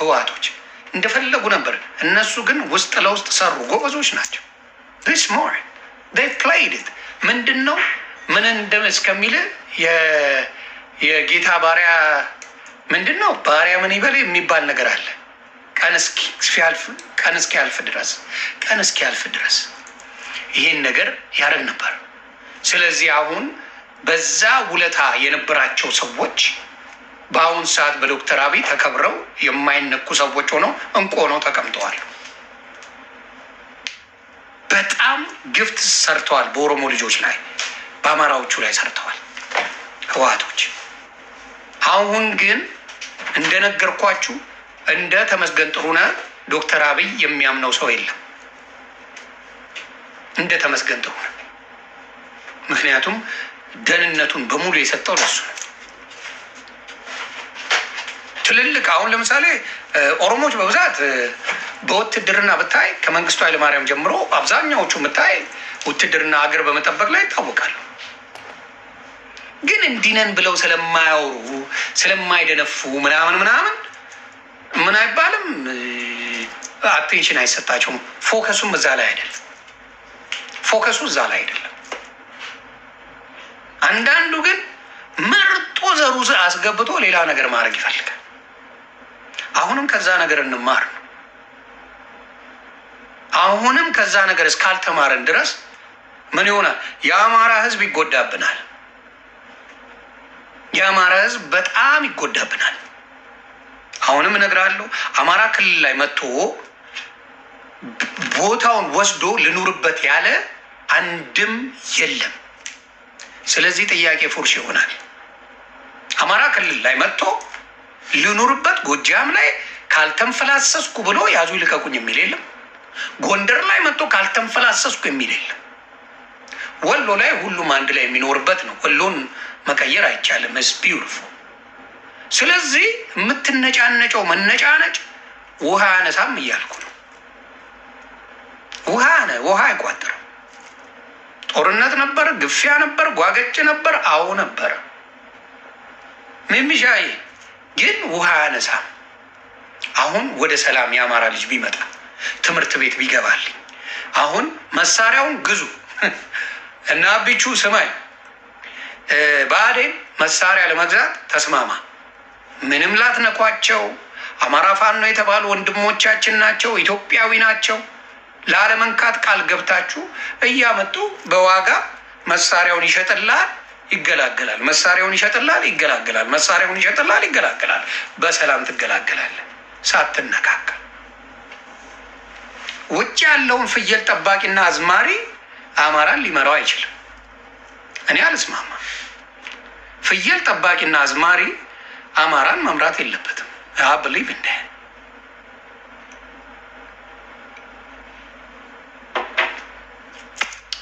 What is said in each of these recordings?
ህወሓቶች እንደፈለጉ ነበር። እነሱ ግን ውስጥ ለውስጥ ሰሩ። ጎበዞች ናቸው። ስ ሞር ፕላይድ ምንድን ነው ምን እንደም እስከሚል የጌታ ባሪያ ምንድን ነው ባሪያ ምን ይበል የሚባል ነገር አለ። ቀን እስኪያልፍ ድረስ ቀን እስኪያልፍ ድረስ ይህን ነገር ያደርግ ነበር። ስለዚህ አሁን በዛ ውለታ የነበራቸው ሰዎች በአሁን ሰዓት በዶክተር አብይ ተከብረው የማይነኩ ሰዎች ሆነው እንቁ ሆነው ተቀምጠዋል። በጣም ግፍት ሰርተዋል። በኦሮሞ ልጆች ላይ በአማራዎቹ ላይ ሰርተዋል ህወሓቶች። አሁን ግን እንደነገርኳችሁ እንደ ተመስገን ጥሩነህ ዶክተር አብይ የሚያምነው ሰው የለም እንደ ተመስገን ጥሩነህ። ምክንያቱም ደህንነቱን በሙሉ የሰጠው ለሱ ነው። ትልልቅ አሁን ለምሳሌ ኦሮሞዎች በብዛት በውትድርና ብታይ ከመንግስቱ ኃይለማርያም ጀምሮ አብዛኛዎቹ ብታይ ውትድርና አገር በመጠበቅ ላይ ይታወቃሉ። ግን እንዲነን ብለው ስለማያወሩ ስለማይደነፉ ምናምን ምናምን ምን አይባልም፣ አቴንሽን አይሰጣቸውም። ፎከሱም እዛ ላይ አይደለም። ፎከሱ እዛ ላይ አይደለም። አንዳንዱ ግን መርጦ ዘሩ አስገብቶ ሌላ ነገር ማድረግ ይፈልጋል። አሁንም ከዛ ነገር እንማር። አሁንም ከዛ ነገር እስካልተማረን ድረስ ምን ይሆናል? የአማራ ህዝብ ይጎዳብናል። የአማራ ህዝብ በጣም ይጎዳብናል። አሁንም እነግራለሁ፣ አማራ ክልል ላይ መጥቶ ቦታውን ወስዶ ልኑርበት ያለ አንድም የለም። ስለዚህ ጥያቄ ፉርሽ ይሆናል። አማራ ክልል ላይ መጥቶ ልኑርበት ጎጃም ላይ ካልተንፈላሰስኩ ብሎ ያዙ ይልቀቁኝ የሚል የለም። ጎንደር ላይ መጥቶ ካልተንፈላሰስኩ የሚል የለም። ወሎ ላይ ሁሉም አንድ ላይ የሚኖርበት ነው። ወሎን መቀየር አይቻልም። ስ ቢዩቲፉል። ስለዚህ የምትነጫነጨው መነጫነጭ ውሃ አነሳም እያልኩ ነው። ውሃ ነ ውሃ አይቋጠርም። ጦርነት ነበር፣ ግፊያ ነበር፣ ጓገጭ ነበር፣ አዎ ነበረ ሚሚሻዬ ግን ውሃ ያነሳ አሁን ወደ ሰላም የአማራ ልጅ ቢመጣ ትምህርት ቤት ቢገባልኝ አሁን መሳሪያውን ግዙ እና አቢቹ ስማይ ብአዴን መሳሪያ ለመግዛት ተስማማ። ምንም ላትነኳቸው አማራ ፋኖ የተባሉ ወንድሞቻችን ናቸው፣ ኢትዮጵያዊ ናቸው። ላለመንካት ቃል ገብታችሁ እያመጡ በዋጋ መሳሪያውን ይሸጥላል። ይገላገላል። መሳሪያውን ይሸጥላል፣ ይገላገላል። መሳሪያውን ይሸጥላል፣ ይገላገላል። በሰላም ትገላገላል ሳትነካከል። ውጭ ያለውን ፍየል ጠባቂና አዝማሪ አማራን ሊመራው አይችልም። እኔ አልስማማ። ፍየል ጠባቂና አዝማሪ አማራን መምራት የለበትም። አብሊቭ እንደ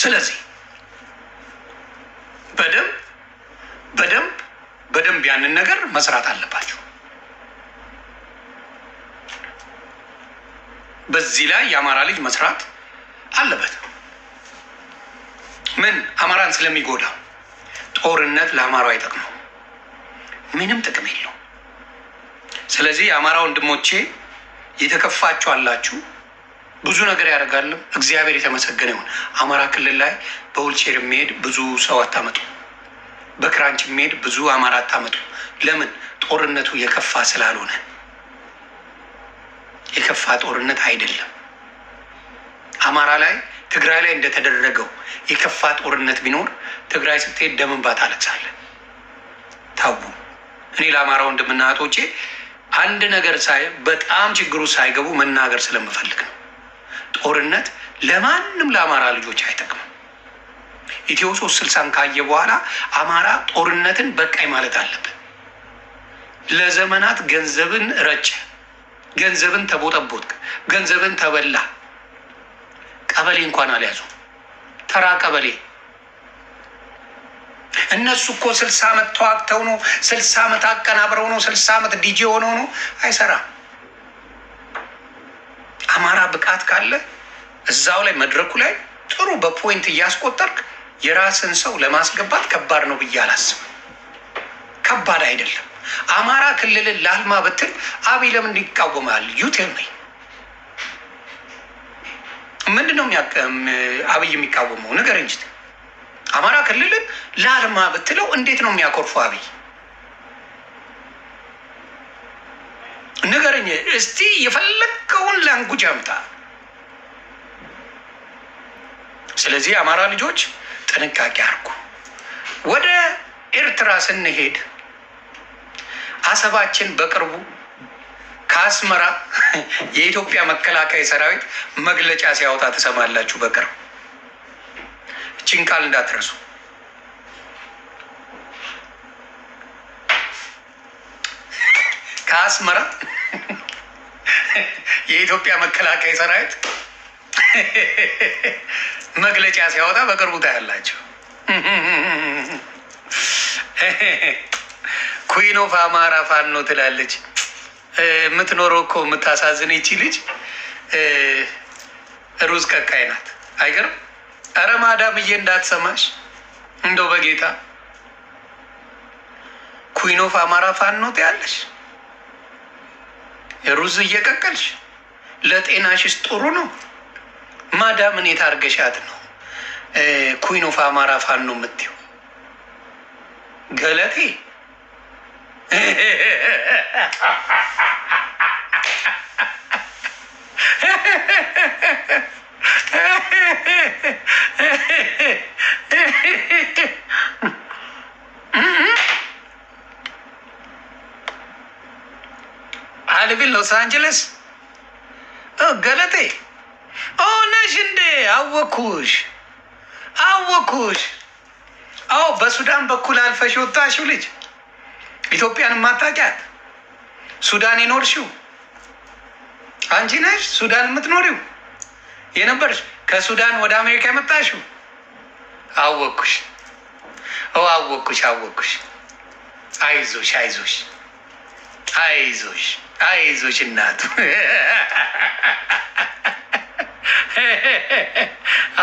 ስለዚህ በደንብ በደንብ በደንብ ያንን ነገር መስራት አለባቸው። በዚህ ላይ የአማራ ልጅ መስራት አለበት። ምን አማራን ስለሚጎዳ ጦርነት ለአማራው አይጠቅመው፣ ምንም ጥቅም የለው። ስለዚህ የአማራ ወንድሞቼ የተከፋችሁ አላችሁ ብዙ ነገር ያደርጋል እግዚአብሔር የተመሰገነ ይሁን። አማራ ክልል ላይ በውልቼር የሚሄድ ብዙ ሰው አታመጡ፣ በክራንች የሚሄድ ብዙ አማራ አታመጡ። ለምን? ጦርነቱ የከፋ ስላልሆነ የከፋ ጦርነት አይደለም። አማራ ላይ ትግራይ ላይ እንደተደረገው የከፋ ጦርነት ቢኖር ትግራይ ስትሄድ ደምንባ ታለቅሳለህ። ታቡ እኔ ለአማራ ወንድምና እህቶቼ አንድ ነገር ሳይ በጣም ችግሩ ሳይገቡ መናገር ስለምፈልግ ነው። ጦርነት ለማንም ለአማራ ልጆች አይጠቅምም። ኢትዮ ሶስት ስልሳን ካየ በኋላ አማራ ጦርነትን በቃኝ ማለት አለብን። ለዘመናት ገንዘብን ረጨ፣ ገንዘብን ተቦጠቦት ገንዘብን ተበላ። ቀበሌ እንኳን አልያዙ፣ ተራ ቀበሌ እነሱ እኮ ስልሳ ዓመት ተዋግተው ነው፣ ስልሳ ዓመት አቀናብረው ነው፣ ስልሳ ዓመት ዲጄ ሆነው ነው። አይሰራም። የአማራ ብቃት ካለ እዛው ላይ መድረኩ ላይ ጥሩ በፖይንት እያስቆጠርክ የራስን ሰው ለማስገባት ከባድ ነው ብዬ አላስብም። ከባድ አይደለም። አማራ ክልልን ላልማ ብትል አብይ ለምን ይቃወማል? ዩቴም ነኝ ምንድን ነው አብይ የሚቃወመው ነገር እንጂ አማራ ክልልን ላልማ ብትለው እንዴት ነው የሚያኮርፉ አብይ? ንገረኝ እስቲ የፈለግከውን ላንጉጅ አምጣ። ስለዚህ የአማራ ልጆች ጥንቃቄ አድርጉ። ወደ ኤርትራ ስንሄድ አሰባችን በቅርቡ ከአስመራ የኢትዮጵያ መከላከያ ሰራዊት መግለጫ ሲያወጣ ትሰማላችሁ። በቅርብ እችን ቃል እንዳትረሱ። ከአስመራ የኢትዮጵያ መከላከያ ሰራዊት መግለጫ ሲያወጣ በቅርቡ ታያላቸው። ኩዊን ኦፍ አማራ ፋኖ ትላለች። የምትኖረው እኮ የምታሳዝን ይቺ ልጅ ሩዝ ቀካይ ናት። አይገርም? ኧረ ማዳምዬ እንዳትሰማሽ እንደው በጌታ ኩዊን ኦፍ አማራ ፋኖ ትያለሽ። ሩዝ እየቀቀልሽ ለጤናሽስ ጥሩ ነው? ማዳምን የታርገሻት ነው ኩዊን ኦፍ አማራ ፋኖ ነው የምትይው ገለቴ ሎስ አንጀለስ ገለጤ ሆነሽ እንዴ? አወኩሽ አወኩሽ። አዎ በሱዳን በኩል አልፈሽ ወጣሽው ልጅ ኢትዮጵያን ማታውቂያት ሱዳን የኖርሽው አንቺ ነሽ። ሱዳን የምትኖሪው የነበርሽ ከሱዳን ወደ አሜሪካ የመጣሽው አወኩሽ። አወኩሽ አወኩሽ። አይዞሽ አይዞሽ አይዞሽ አይዞሽ እናቱ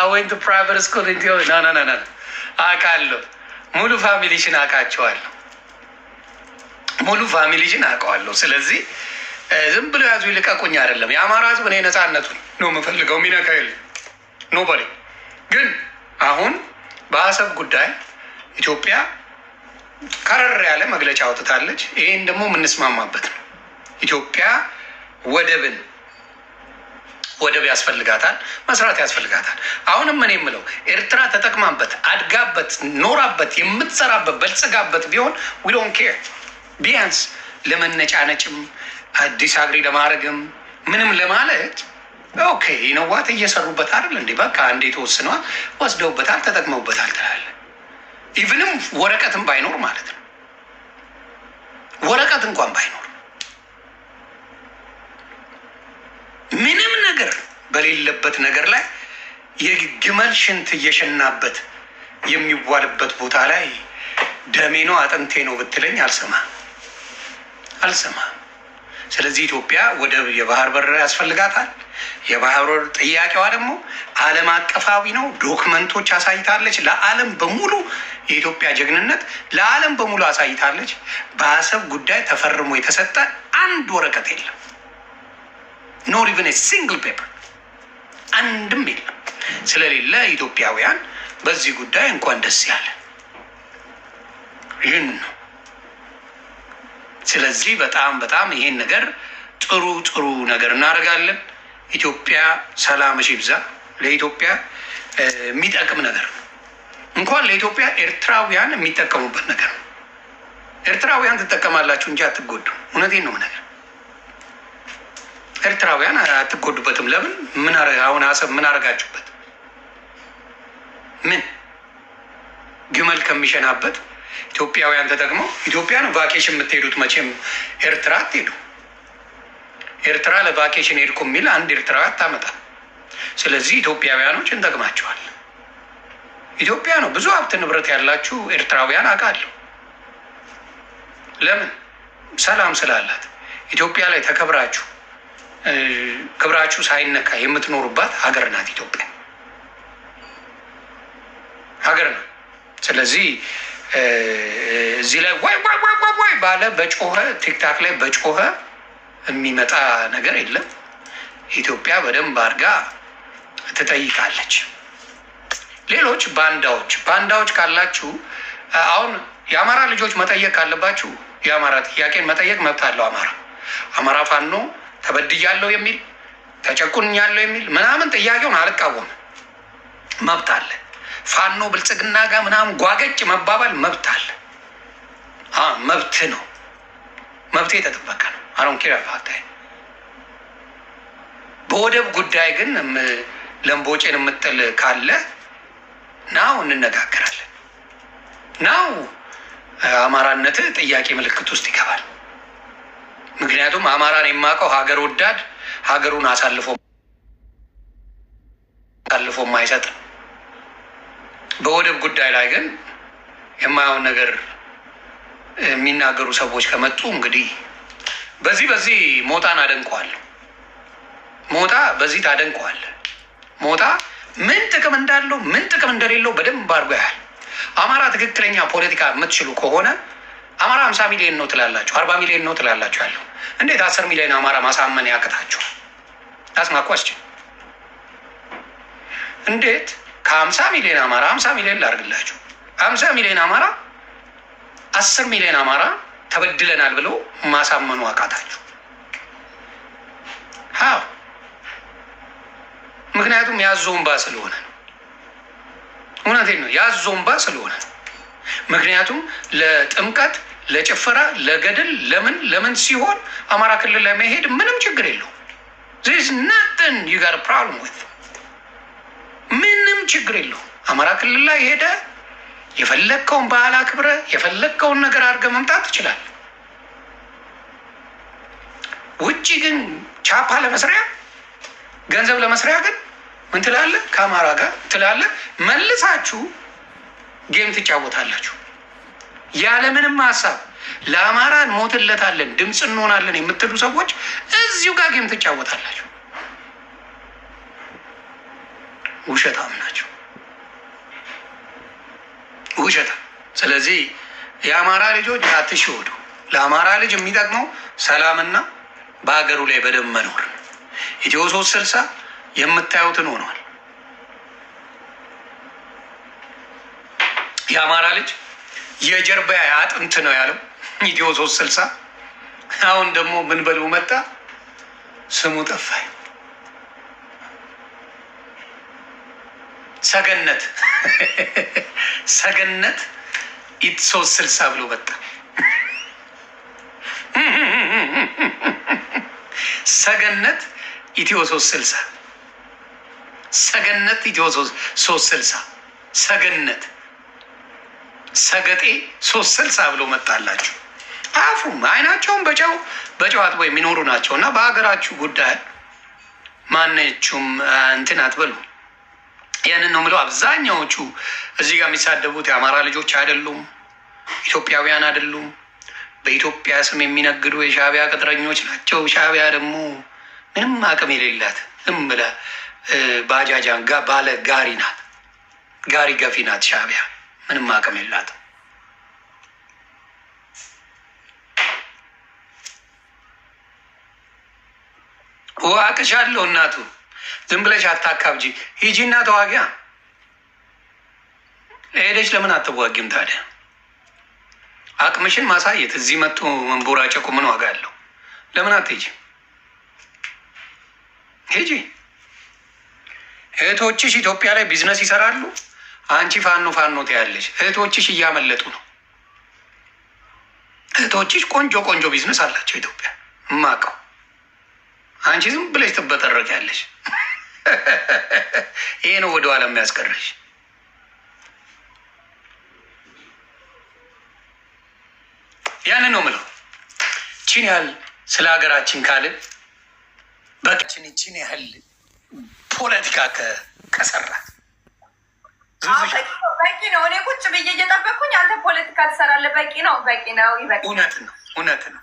አወንቱ ፕራይቨት ስኩል እንዲ ናናናና አውቃለሁ። ሙሉ ፋሚሊሽን አውቃቸዋለሁ። ሙሉ ፋሚሊሽን አውቀዋለሁ። ስለዚህ ዝም ብሎ ያዙ ይልቀቁኝ አይደለም። የአማራ ህዝብ እኔ ነፃነቱን ነው የምፈልገው። ሚነካ የለ ኖበሪ ግን አሁን በአሰብ ጉዳይ ኢትዮጵያ ከረር ያለ መግለጫ አውጥታለች። ይህን ደግሞ የምንስማማበት ነው። ኢትዮጵያ ወደብን ወደብ ያስፈልጋታል፣ መስራት ያስፈልጋታል። አሁንም እኔ የምለው ኤርትራ ተጠቅማበት፣ አድጋበት፣ ኖራበት፣ የምትሰራበት፣ በልጽጋበት ቢሆን ዊዶን ኬር ቢያንስ ለመነጫነጭም አዲስ አግሪ ለማድረግም ምንም ለማለት ኦኬ ይነዋት እየሰሩበት አይደል እንዴ? በቃ እንዴ ተወስኗል፣ ወስደውበታል፣ ተጠቅመውበታል ትላለህ። ኢቭንም ወረቀትም ባይኖር ማለት ነው። ወረቀት እንኳን ባይኖር ምንም ነገር በሌለበት ነገር ላይ የግመል ሽንት እየሸናበት የሚዋልበት ቦታ ላይ ደሜ ነው አጥንቴ ነው ብትለኝ አልሰማ አልሰማ። ስለዚህ ኢትዮጵያ ወደብ የባህር በር ያስፈልጋታል። የባህር በር ጥያቄዋ ደግሞ ዓለም አቀፋዊ ነው። ዶክመንቶች አሳይታለች ለዓለም በሙሉ የኢትዮጵያ ጀግንነት ለዓለም በሙሉ አሳይታለች። በአሰብ ጉዳይ ተፈርሞ የተሰጠ አንድ ወረቀት የለም። ኖር ኢቨን ሲንግል ፔፐር አንድም የለም። ስለሌለ ኢትዮጵያውያን በዚህ ጉዳይ እንኳን ደስ ያለ ይህን ነው። ስለዚህ በጣም በጣም ይሄን ነገር ጥሩ ጥሩ ነገር እናደርጋለን። ኢትዮጵያ ሰላም ሽብዛ ለኢትዮጵያ የሚጠቅም ነገር ነው። እንኳን ለኢትዮጵያ ኤርትራውያን የሚጠቀሙበት ነገር ነው። ኤርትራውያን ትጠቀማላችሁ እንጂ አትጎዱ። እውነቴን ነው ነገር ኤርትራውያን አትጎዱበትም። ለምን ምን አሁን አሰብ ምን አረጋችሁበት? ምን ግመል ከሚሸናበት ኢትዮጵያውያን ተጠቅመው ኢትዮጵያን ቫኬሽን የምትሄዱት መቼም ኤርትራ አትሄዱ። ኤርትራ ለቫኬሽን ሄድኩ የሚል አንድ ኤርትራ አታመጣ። ስለዚህ ኢትዮጵያውያኖች እንጠቅማቸዋል። ኢትዮጵያ ነው። ብዙ ሀብት ንብረት ያላችሁ ኤርትራውያን አውቃለሁ። ለምን ሰላም ስላላት ኢትዮጵያ ላይ ተከብራችሁ ክብራችሁ ሳይነካ የምትኖሩባት ሀገር ናት ኢትዮጵያ ሀገር ነው። ስለዚህ እዚህ ላይ ወይ ወይ ወይ ወይ ባለ በጮኸ ቲክታክ ላይ በጮኸ የሚመጣ ነገር የለም። ኢትዮጵያ በደንብ አድርጋ ትጠይቃለች። ሌሎች ባንዳዎች ባንዳዎች ካላችሁ አሁን የአማራ ልጆች መጠየቅ ካለባችሁ የአማራ ጥያቄን መጠየቅ መብት አለው። አማራ አማራ ፋኖ ተበድያለሁ የሚል ያለው የሚል ምናምን ጥያቄውን አልቃወም፣ መብት አለ። ፋኖ ብልጽግና ጋር ምናምን ጓገጭ መባባል መብት አለ፣ መብት ነው። መብት የተጠበቀ ነው። አሁን ፋታይ በወደብ ጉዳይ ግን ለምቦጭን የምትል ካለ ናው እንነጋገራለን። ናው አማራነት ጥያቄ ምልክት ውስጥ ይገባል። ምክንያቱም አማራን የማውቀው ሀገር ወዳድ ሀገሩን አሳልፎ አሳልፎ የማይሰጥ በወደብ ጉዳይ ላይ ግን የማየውን ነገር የሚናገሩ ሰዎች ከመጡ እንግዲህ በዚህ በዚህ ሞጣን አደንቀዋለሁ። ሞጣ በዚህ ታደንቀዋለህ። ሞጣ ምን እንዳለው ምን ጥቅም እንደሌለው በደንብ አድርጎ ያህል አማራ ትክክለኛ ፖለቲካ የምትችሉ ከሆነ አማራ ሀምሳ ሚሊዮን ነው ትላላችሁ፣ አርባ ሚሊዮን ነው ትላላችሁ ያለው እንዴት አስር ሚሊዮን አማራ ማሳመን ያቅታችኋል? ታስማኳስችን እንዴት ከሀምሳ ሚሊዮን አማራ ሀምሳ ሚሊዮን ላርግላችሁ፣ ሀምሳ ሚሊዮን አማራ አስር ሚሊዮን አማራ ተበድለናል ብለው ማሳመኑ አቃታችሁ? ምክንያቱም ያዞውን ባ ስለሆነ ነው። እውነቴን ነው። ያ ዞምባ ስለሆነ ምክንያቱም ለጥምቀት ለጭፈራ ለገድል ለምን ለምን ሲሆን አማራ ክልል ለመሄድ ምንም ችግር የለው ዚስ ናትን ዩጋር ፕሮብለም ዊት ምንም ችግር የለው። አማራ ክልል ላይ ሄደ የፈለግከውን ባህል አክብረ የፈለግከውን ነገር አድርገ መምጣት ትችላል። ውጭ ግን ቻፓ ለመስሪያ ገንዘብ ለመስሪያ ግን ምን ትላለ? ከአማራ ጋር ትላለ። መልሳችሁ ጌም ትጫወታላችሁ ያለምንም ሀሳብ ለአማራ እንሞትለታለን፣ ድምፅ እንሆናለን የምትሉ ሰዎች እዚሁ ጋር ጌም ትጫወታላችሁ። ውሸታም ናቸው፣ ውሸታም። ስለዚህ የአማራ ልጆች አትሸወዱ። ለአማራ ልጅ የሚጠቅመው ሰላምና በሀገሩ ላይ በደንብ መኖር ኢትዮ ሶስት ስልሳ የምታዩትን ሆኗል። የአማራ ልጅ የጀርባ አጥንት ነው ያለው ኢትዮ ሶስት ስልሳ አሁን ደግሞ ምን በለው መጣ ስሙ ጠፋኝ። ሰገነት ሰገነት ኢት ሶስት ስልሳ ብሎ መጣ። ሰገነት ኢትዮ ሶስት ስልሳ ሰገነት ኢትዮ ሶስት ስልሳ ሰገነት ሰገጤ ሶስት ስልሳ ብሎ መጣላችሁ። አያፍሩም። አይናቸውም በጨው በጨዋት ወይ የሚኖሩ ናቸው እና በሀገራችሁ ጉዳይ ማነችም እንትን አትበሉ። ያንን ነው ምለው። አብዛኛዎቹ እዚህ ጋር የሚሳደቡት የአማራ ልጆች አይደሉም፣ ኢትዮጵያውያን አይደሉም። በኢትዮጵያ ስም የሚነግዱ የሻቢያ ቅጥረኞች ናቸው። ሻቢያ ደግሞ ምንም አቅም የሌላት ዝም ባጃጃን ባለ ጋሪ ናት፣ ጋሪ ገፊ ናት። ሻቢያ ምንም አቅም የላትም። ዋቅሻለሁ እናቱ ዝም ብለሽ አታካብጂ። እና ተዋጊያ ሄደች። ለምን አትዋጊም ታዲያ? አቅምሽን ማሳየት እዚህ መጥቶ መንቦራጨቁ ምን ዋጋ አለው? ለምን አትሄጂ? ሄጂ እህቶችሽ ኢትዮጵያ ላይ ቢዝነስ ይሰራሉ። አንቺ ፋኖ ፋኖ ትያለሽ። እህቶችሽ እያመለጡ ነው። እህቶችሽ ቆንጆ ቆንጆ ቢዝነስ አላቸው ኢትዮጵያ እማቀው። አንቺ ዝም ብለሽ ትበጠረቂያለሽ። ይሄ ነው ወደ ኋላ የሚያስቀርሽ። ያንን ነው ምለው። ቺን ያህል ስለ ሀገራችን ካልን በችን ቺን ያህል ፖለቲካ ከሰራ በቂ ነው። እኔ ቁጭ ብዬ እየጠበኩኝ አንተ ፖለቲካ ትሰራለህ። በቂ ነው፣ በቂ ነው፣ ይበቂ። እውነት ነው፣ እውነት ነው።